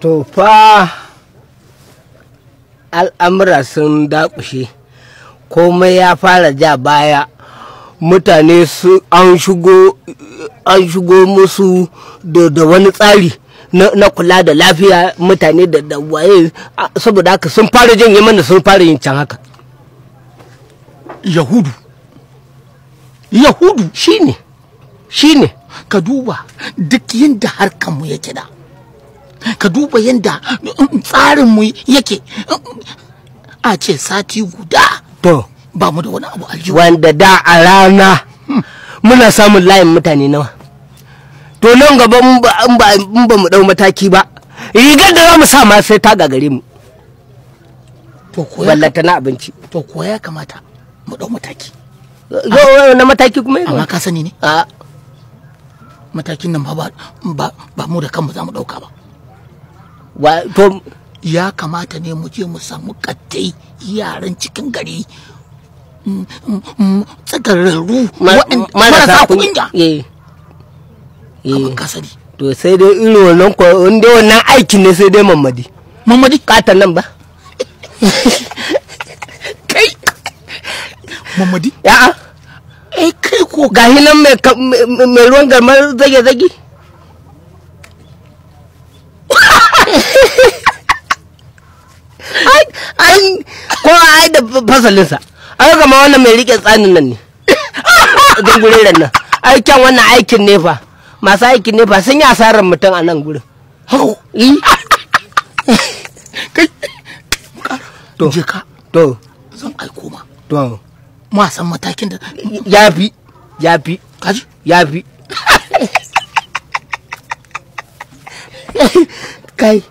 to fa al'amura sun daƙushe komai ya fara ja baya mutane an shigo musu da wani tsari na kula da lafiya mutane da waye saboda haka sun fara yi mana sun fara yin can haka yahudu yahudu shine shine ka duba duk yin yadda harkanmu yake da ka duba yadda mm, tsarinmu yake mm, a ce sati guda to ba mu da wani abu aljihu wanda da a rana hmm. muna samun layin mutane nawa to nan gaba in ba mu dau mataki ba rigar da za mu sa ma sai ta gagare mu to koya wallata na abinci to koya kamata mu dau mataki zo ah. na mataki kuma amma ka sani ne matakin nan ba ba mu da kanmu za mu dauka ba to ya kamata ne mu je mu samu kattai yaran cikin gari mm, mm, mm, tsagararru marasa kunya kamar eh. eh. kasari to sai dai irin wannan ko inda wannan aikin ne sai dai mamadi mamadi katan nan ba kai mamadi ya'a ai eh, kai ko gahi nan mai ruwan garmar zage-zage ai ai ko ai da fasalinsa ai kama wannan mai rike tsanin nan ne gungureren nan aikin wannan aikin ne fa masu aikin ne fa sun yi asarar mutum a nan gurin to je ka to zan to ma san matakin da ya cây